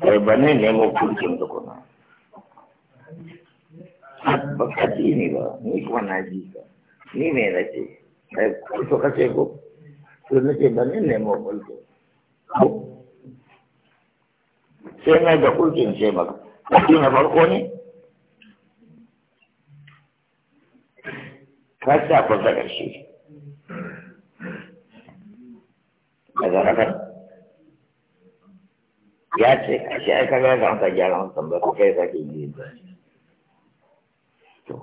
kai ba ne nemo kurkin tukuna ba ne ni kuma na ji ni me ko to na ce ne nemo kurkin sai na da ce maka kurkin farko ne ka sa ku ta ƙarshe ya ce a shi aika ga ga amsa gyara hansan ba ko kai sake yi ba to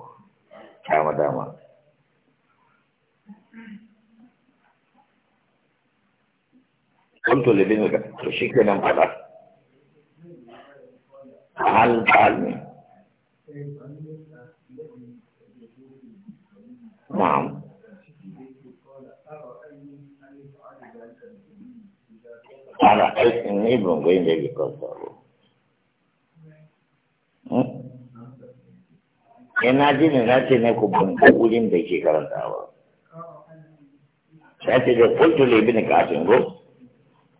dama dama kuntu libin ka to shi ke nan fada hal hal ne na'am Ana aikin ne ban da yake kwanta ba. Ina ji ne na ce ne ku ban wurin da yake karanta ba. Sai ce da kuntu lebi ne kafin go.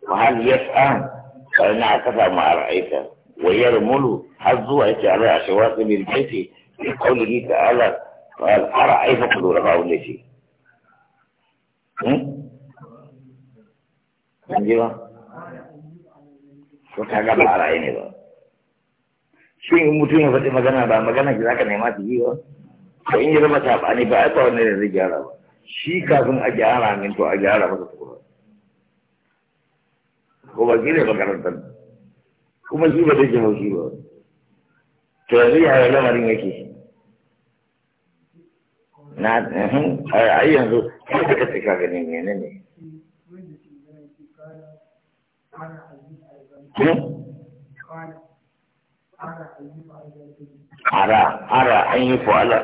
Wahal yas'an karna a kasa ma a ra'aita. Wayar mulu har zuwa yake a ra'ashe wasu mil baiti. Kauli ta'ala a ra'aita ku lura Ka kaga ba a raye ne ba shi in mutum ya faɗi magana ba magana ki zaka nema ki yi ba ko in ya zama saɓani ba a ba wani da zai gyara ba shi kafin a gyara min to a gyara masa tukura ko ba gire makarantar kuma shi ba take haushi ba to yanzu yaya lamarin yake na mhm, a yanzu kai da ka tsika ganin ne ne Eh? ara ara an yi fa'ala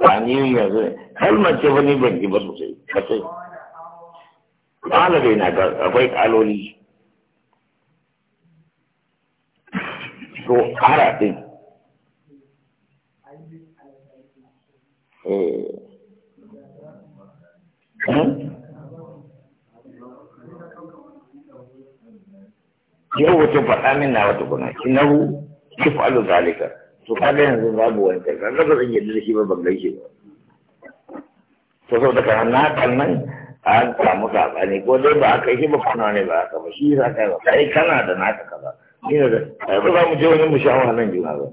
wani yanzu kalmar ce wani ban ba sosai kasai ƙala bai na ga akwai kaloli to ara ɗin eh hmm? yau wace faɗa min na wata kuna innahu yafalu zalika to kaga yanzu babu wancan kaga ba zan yarda da shi ba ban gaishe ba to saboda kana na kan nan an samu saɓani ko dai ba aka yi ba kuna ne ba aka ba shi za ka yi ba kai kana da naka kaza ni da ai ba za mu je wani mu sha wahalan juna ba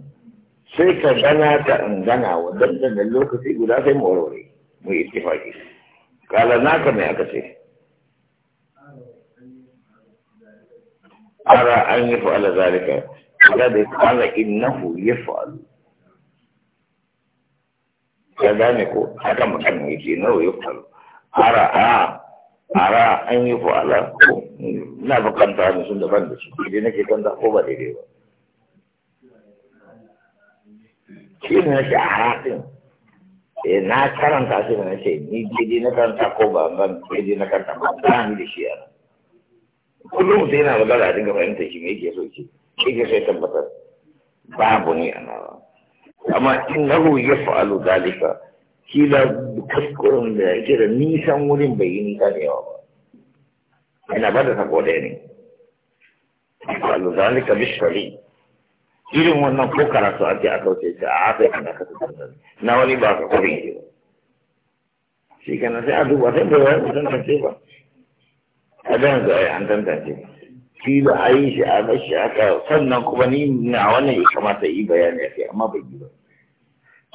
sai ka gana ka in gana wa dandan lokaci guda sai mu warware mu yi ittifaki kala naka mai aka ce أرى أن يفعل ذلك فقد قال إنه يفعل كذلك حكم أن إنه يفعل أرى أرى أن يفعل na bukanta hannu sun daban da shi idan nake kanta ko ba daidai ba shi ne nake a harafin na karanta shi ne nake ni daidai na karanta ko ba ban daidai na karanta ba ta hannu da shi yana kullum sai yana magana a dinga fahimta shi ne yake so ce yake so ya tabbatar babu ne a nawa amma in nahu ya fa'alu dalika kila kuskuren da yake da nisan wurin bai yi nisa da yawa ba yana ba da sako ɗaya ne fa'alu dalika bishari irin wannan ko karatu ake a kauce shi a haka yana kasa tantar na wani ba ka kwarin ke ba shi kana sai a duba sai bai wani mutum kan ce ba abin da ya an tantance shi da a yi shi a mashi aka sannan kuma ni na wannan ya kamata yi bayani a kai amma bai yi ba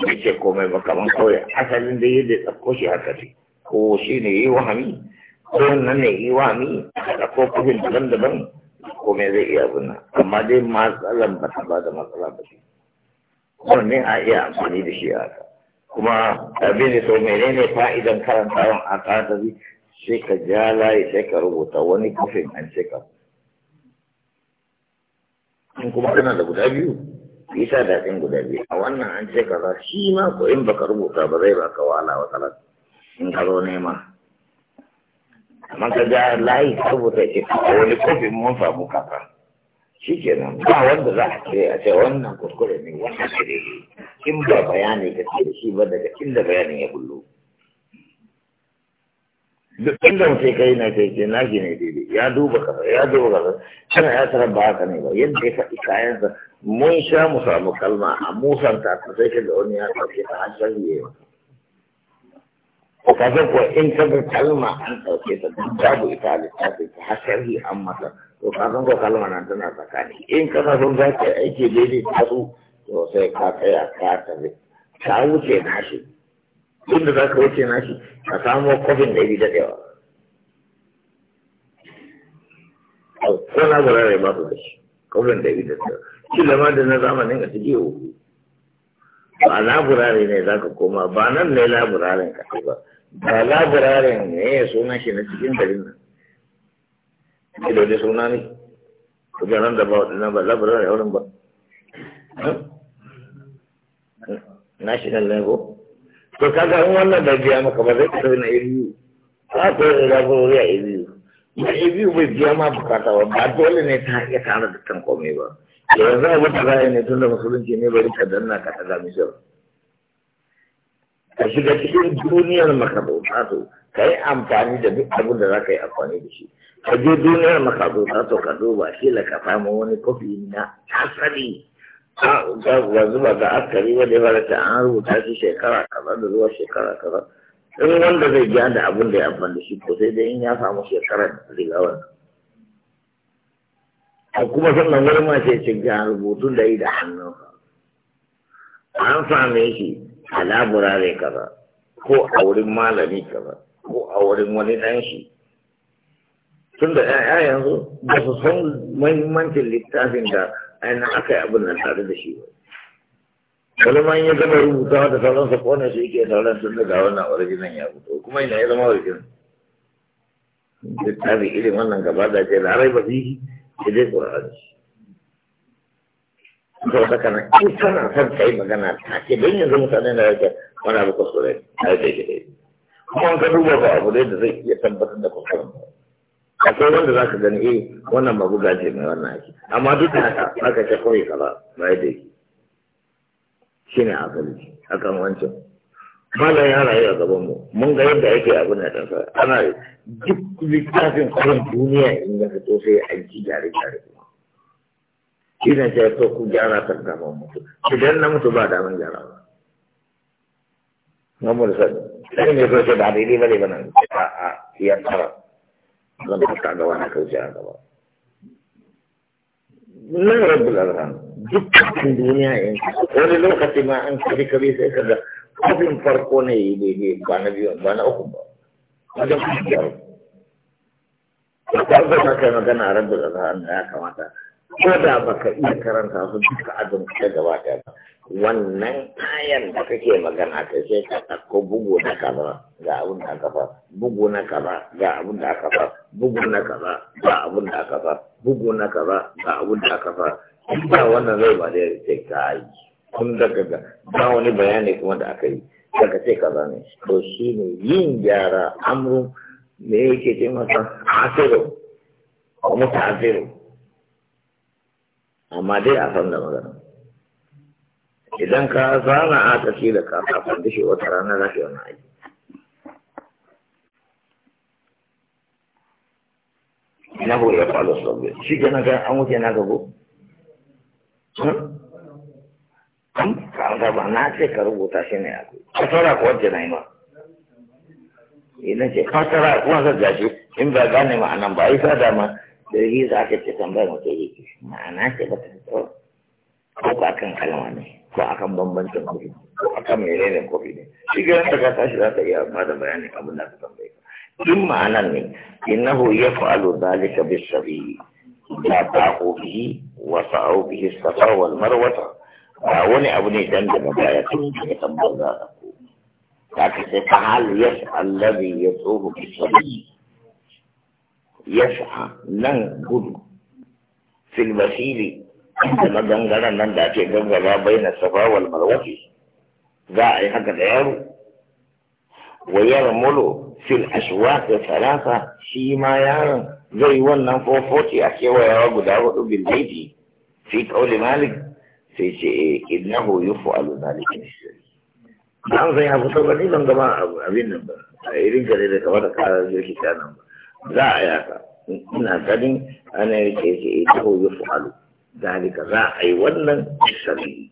bai ce komai ba kamar kawai asalin da yadda tsakko shi haka ce ko shi ne yi wahami ko wannan ne yi wahami a tsakko kufin daban-daban komai zai iya abin amma dai matsalan ba ta ba da matsala ba ce wannan a iya amfani da shi haka kuma abin da so menene fa'idan karantawan a ƙasa sai ka ja layi sai ka rubuta wani kofin an cika in kuma kana da guda biyu bisa daɗin guda biyu a wannan an ce kaza shi ma ko in baka rubuta ba zai baka wahala wa talat in ka zo nema amma ka ja layi ka rubuta ce a wani kofin mun samu kafa shi nan ba wanda za a ce a ce wannan kuskure ne wannan ne in ba bayani ka ce da shi ba daga inda bayanin ya bullo duk inda mutum kai na sai ce na shi ne daidai ya duba kafa ya duba kafa. kana ya tarar ba haka ne ba yadda ya faɗi kayansa mun sha mu samu kalma a musan ta ta sai kaga wani ya ɗauke ta har sai ya yi masa ka san ko in ka ga kalma an ɗauke ta duk babu ita a littafin ta har sai an masa to ka san ko kalma nan tana tsakani in ka san za ka aiki daidai ta su to sai ka tsaya ka tafi ta wuce na shi inda za ka wuce nashi, a ka samo kofin da ya bi daɗewa ko na gura rai ba su da shi kofin da ya bi daɗewa shi lama da na zamanin a cikin uku ba laburare ne za ka koma ba nan ne laburaren ka ba ba laburaren ne ya suna shi na cikin garin nan ke da wani suna ne ku ga nan da ba waɗannan ba laburare wurin ba national level to kaga in wannan da biya maka ba zai tafi na ibiyu ba ko da ko ya ma ba ibiyu bai biya ma bukata ba ba dole ne ta iya tara da kan komai ba yanzu abin da za yi ne tun da musulunci ne bari ka danna ka ta gami ka shiga cikin duniyar makabauta to ka yi amfani da duk abin da za ka yi amfani da shi ka je duniyar makabauta to ka duba shi la ka samu wani kofi na asali wanzu ba ga askari wanda ya fara ta an rubuta shi shekara kaza da zuwa shekara kaza in wanda zai gyara da abin da ya amfani shi ko sai dai in ya samu shekara da a kuma sannan wani ma ce ce ga rubutun da yi da hannunsa an same shi a laburare kaza ko a wurin malami kaza ko a wurin wani ɗan shi tun da ‘ya'ya yanzu ba su san muhimmancin littafin da ainihin aka yi abin nan tare da shi ba. Wani ma ya gaba rubutawa da sauran sa na su yake sauran tun daga wannan original ya fito kuma ina ya zama original. Littafin irin wannan gaba da ce larai ba fi shi dai ƙwararren shi. Sau da kana in kana son ka yi magana ta ce don yanzu mutane da yake wani abu kuskure a yake shi dai. Kuma an ka duba ba abu dai da zai iya tabbatar da kuskuren ba. akwai wanda za ka gani eh wannan ba buga ce mai wannan ake amma duk da haka aka ce kawai ka ba yadda yake shi ne a kan wancan malam ya rayu a gaban mu mun ga yadda ake abin da ɗansa ana duk littafin kwarin duniya in ya fito sai a ji gyare gyare kuma shi ne ce to ku gyara ta gama mutu idan na mutu ba daman gyara ba Mamur sani, sai ne ko ce ba daidai ba ne ba nan, a a ya zan fuska gaba na kauce a gaba nan rabbul alhan dukkan duniya in wani lokaci ma an kaji kabi sai ka ga farko ne yi daidai ba na biyu ba na uku ba wajen kusurwa ba ba ka kai magana rabbul alhan ya da baka iya karanta su duka abin da gaba ɗaya wannan ayan da kake magana ta sai ka ɗauko bugu da kamar ga abin da aka far bugu na kaza ga abin da aka far bugu na kaza ga abin da aka far bugu na kaza ga abin da aka far in ba wannan zai ba da ya kai ka yi kun daga ga ba wani bayani kuma da aka yi daga ce kaza ne to shi ne yin gyara amru me yake ce masa asiru kuma ta asiru amma dai a san da magana idan ka zana a tafi da ka kafa da shi wata rana za ka yi wani aiki ina ko ya falo so be shi gana ga an wuce na gabo kan kan ga na ce ka rubuta shi ne ako ka tsara ko je nai ma ina ce ka tsara ko za ga shi in ba gane ma anan ba ai sa da ma da yi a ka ce tambaya mu ce yi ma na ce ba ta so ko ba kan kalma ne ko akan bambancin kofi ko akan menene kofi ne shi ga yadda ka tashi za ta iya ba da bayanin abin da ka tambaye ka in ma'ana ne innahu yaf'alu dhalika bis-sabi la ta'u bihi wa sa'u bihi safa wal marwata ba wani abu ne dan daga baya tun da tambayar za ka ko ka ka sai fa hal yas'al ladhi yatuhu bis Ya yas'a nan gudu fil basiri kuma gangaren nan da ake gangara bai na safa wal marwafi za a yi haka da yaro wa Molo? fil ashwa ashwaq thalatha shi ma yaron zai wannan 440 a kewayawa guda hudu bil baiti fi qawli malik sai ce eh, innahu yuf'alu dhalika bi sirri dan zai abu to bane ban gama abin nan ba a irin gare da kamar ka zai ki nan ba za a yaka ina ganin ana yake ce eh, innahu yuf'alu zalika za a yi wannan sabi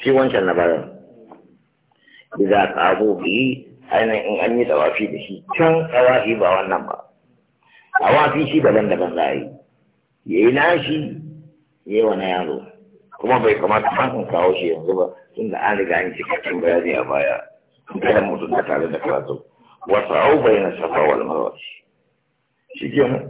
shi wancan na bayan idza qamu bi ainihin in an yi tawafi da shi can tawafi ba wannan ba A wafi shi daban-daban za a yi ya yi nashi ya yi wani yaro kuma bai kamata ba in kawo shi yanzu ba tun da an riga an cikakken bayani a baya kada mutum da tare da karatu wasu au bai na safa wal marwa shi ke mu.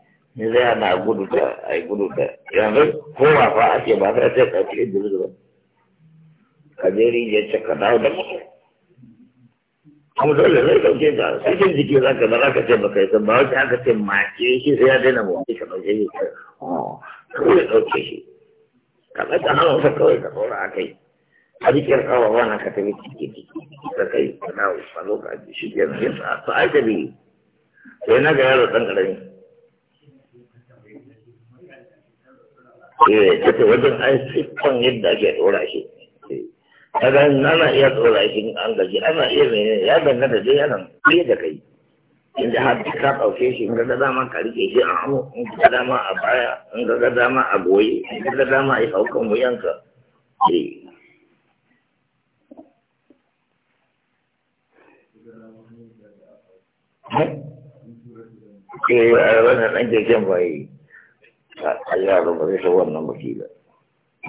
ne zai ana gudu ta a yi gudu ta yanzu ko ma fa ake ba ta ce ka ce gudu ka je rijiyar ce ka dawo da mutu kuma dole zai dauke ka sai ce jiki za ka za ka ce ba kai san ba wacce aka ce mace shi sai ya daina mu ka dauke shi oh, kawai ya shi ka tsaka kawai ka a kai a jikin kawa wana ka tafi ciki ciki da kai ka dawo a lokaci shi ke nan yasa a sa'ai da biyu sai na ga yaro ɗan ƙarami eh kace wajen an siffan yadda ake dora shi eh, kaga ana iya dora shi an gaji ana iya mene ya danga da dai yana fiye da kai inda har ka ɗauke shi in ga dama ka rike shi a hannu in ga dama a baya in ga dama a goyi, in ga dama a haukan wuyanka eh eh wannan ɗan keken ba a yaro ba zai so wannan wakila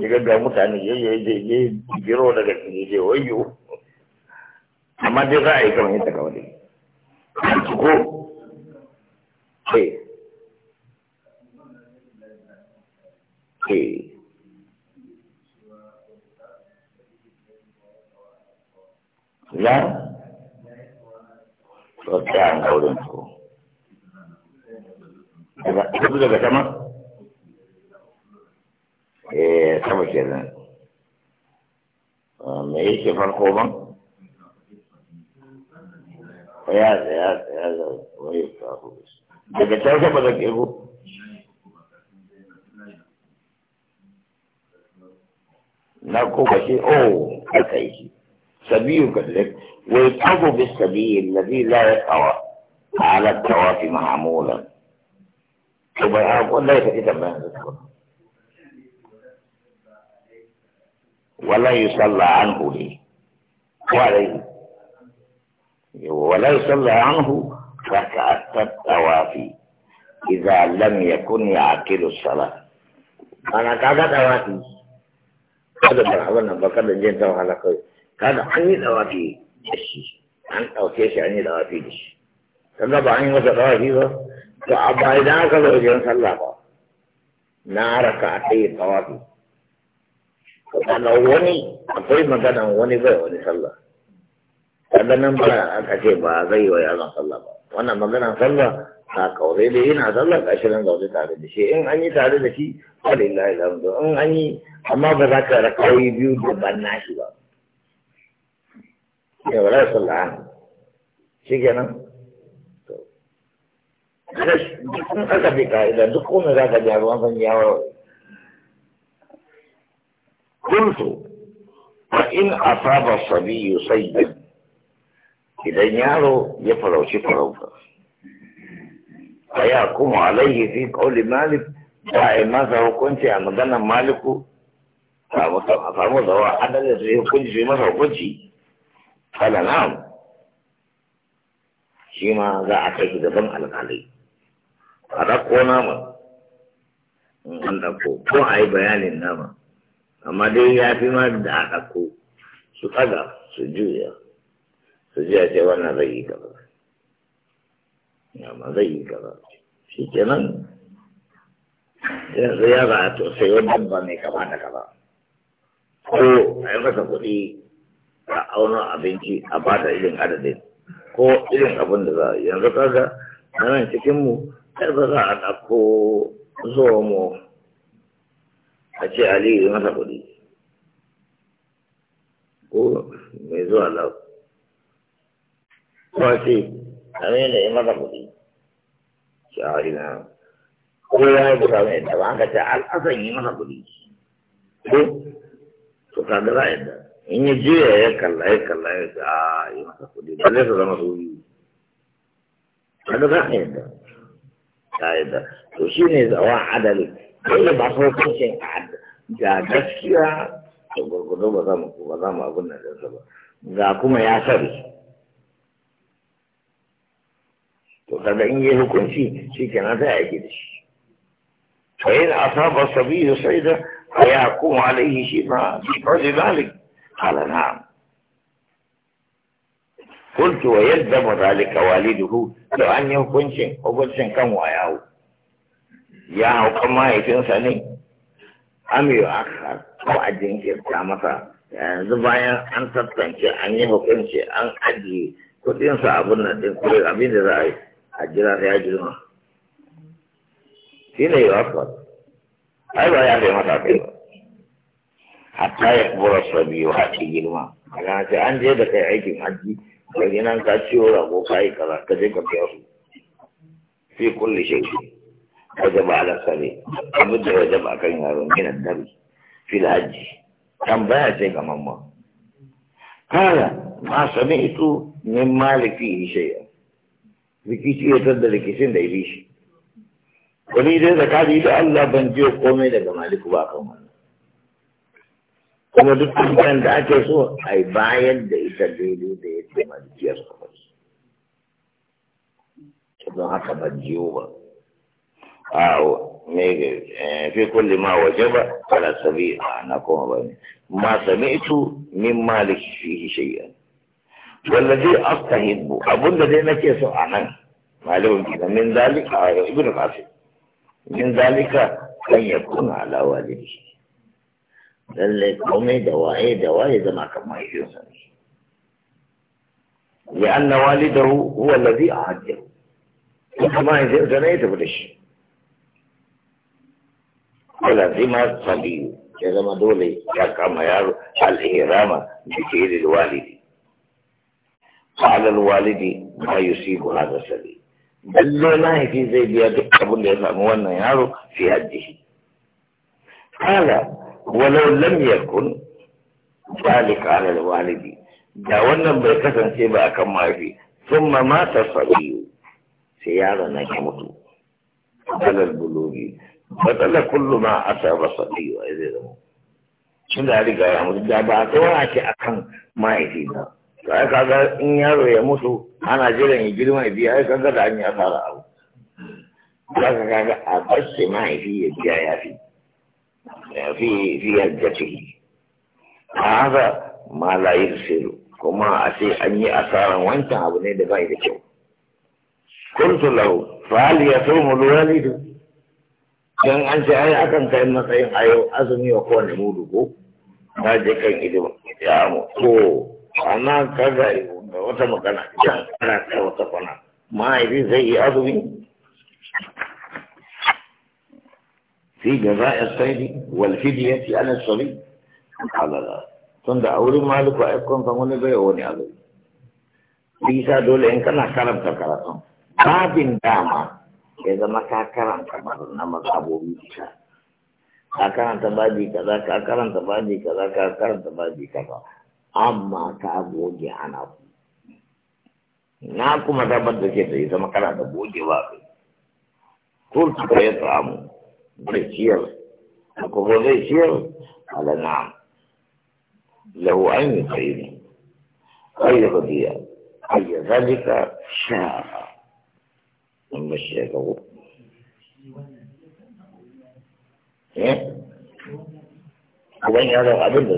ya ga mutane ya yi jiro daga cikin je wayo amma dai za a yi kamar yadda kawai dai ko eh eh ya to ta an gaurin to daga sama eh sama kenan me yake farko ban ya ya ya wai ta ku daga can sai ba da ke ku na ko ba shi oh aka yi shi sabiyu kallek wai tabu bis sabiyi alladhi la yaqawa ala tawafi mahmulan to bai ha kullai ka ita bayan zuwa ولا يصلى عنه لي وعليه ولا يصلى عنه ركعة الطوافي إذا لم يكن يعقل الصلاة أنا كذا طوافي هذا مرحبا بكر جين توحى لك كذا عني طوافي أن أوكيش عني طوافي ليش كذا بعين وجه فأبا إذا كذا وجه صلى الله نارك أتي طوافي ana wani akwai magana wani zai wani sallah kaga nan ba aka ce ba zai yi wa yaron sallah ba wannan magana sallah ta kaure da yana sallah ga shirin zaune tare da shi in an yi tare da shi walillahi alhamdu in an yi amma ba za ka rakawi biyu da ban nashi ba ya wala sallah shi kenan duk kuma aka bi ka'ida duk kuma za ka ji a ruwan san yawon قلت فإن أصاب الصبي سيدا إذا يارو يفرو شفرو فيحكم عليه في قول مالك ماذا كنت يا مدن مالك فأصابه ذو عدل كنت في مصر كنت قال نعم شيما ذا أتيك دبن على العلي هذا قونا من عندك قوة أي بيان النامه amma dai ya fi ma da a ɗako su ɗaga su juya su juya ce wannan zai yi gaba amma zai yi gaba shi kenan yanzu ya za a to sai wannan ba mai kama da kaba ko a yi masa kuɗi a auna abinci a ba ta irin adadin ko irin abin da za a yanzu kaga nan cikinmu kai ba za a ɗako zuwa mu a ce aliyu masa kuɗi ko mai zuwa lau ko a ce amina ya masa kuɗi shi a wani na ko ya yi buka mai da ba ka ce al'asan yi masa kuɗi ko to ka ga za yadda in ya juya ya kalla ya kalla ya ce a yi masa kuɗi ba zai su zama su yi ka ga za a yadda ta yadda to shi ne zawa adalin dole ba su hukuncin ga gaskiya da gurgudu ba za mu ba za mu abin da da ba ga kuma ya sani to kaga in yi hukunci shi kenan sai a da shi fa yin asaba sabiyu sai da ya kuma alaihi shi ma bi fadi zalik qala na'am yadda ويلزم ذلك والده Da أن يكون hukuncin وقلت كم وياه ya haukan mahaifinsa ne amiyo aka ko a jinkirta masa yanzu bayan an tattance an yi hukunci an ajiye kudinsa abin nan din kudin abin da za a yi a jira ya girma shi ne yi wasu ai ba ya kai mata kai hatta ya kubura su biyu haƙi girma kana ce an je da kai aikin hajji ka nan ka ciwo rago ka yi kaza ka je ka biya su fi kulle shi wajaba ala sare abin da wajaba a kan yaron gina dare filaji kan baya sai ga mamma kala ma sami ito min maliki ishaya rikici ya tattar rikicin da ya shi wani dai da kaji da allah ban jiyo komai daga maliku ba kan wannan kuma duk kan da ake so a bayan da ita daidai da ya ce malikiyar kamar don haka ban jiyo ba أو آه، في كل ما وجب فلا سبيع نقوم بني ما سمعت من مالك فيه شيئا والذي أستهد أبو الذي نكيس عنه معلوم كده من ذلك آه، ابن القاسم من ذلك أن يكون على والده لأن قومي دواعي دواعي زما كما يجوزني لأن والده هو الذي أعده كما يجوزني تبدش ولازم الصبي ya zama dole ya kama yaro al'irama da walidi. Fa'alar walidi ma yi si buha da sari. Dallo mahaifi zai biya duk abin da ya samu wannan yaro fi hajji. Kala, walau lam yakun zalika alal walidi. Da wannan bai kasance ba akan mahaifi, sun ma mata sabiyu sai yaron na ke mutu. Alal bulogi. batala kullu ma asaba sadi wa zai zama tun da riga ya mutu da ba a tsawon ake akan mahaifi ba to ai kaga in yaro ya mutu ana jiran ya girma ya biya ai kaga da an yi asara abu za ka kaga a bashi mahaifi ya biya ya fi ya fi fiyar da ciki a haka ma la yirsiru kuma a ce an yi asaran wancan abu ne da bai da kyau kuntu lahu fa hal yasumu alwalidu don an ce ai akan kai matsayin ayo azumi wa kowane mudu ko ta je kan ido ya mu ko amma kaga wata magana idan ana kai wata kwana mahaifi zai yi azumi fi ya sai في جزاء الصيد والفدية على الصبي قال لا تند أولي مالك وأيكم bai wani azumi bisa dole in kana karanta karatun babin dama ya zama ka karanta na mazhabobi ka ka karanta babi kaza ka karanta babi kaza ka karanta babi kaza amma ka goge ana ku na kuma zabar da ke da ya zama kana da ba kai kurtu ka ya samu zai ciyar kuma zai ciyar ala na'am lahu an yi tsaye ne ayyuka biya ayyuka zalika sha'a mun ba shi ga ku eh? a abin ya zama abin da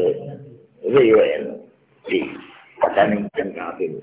zai yi wa yanzu sai tsakanin kan kafin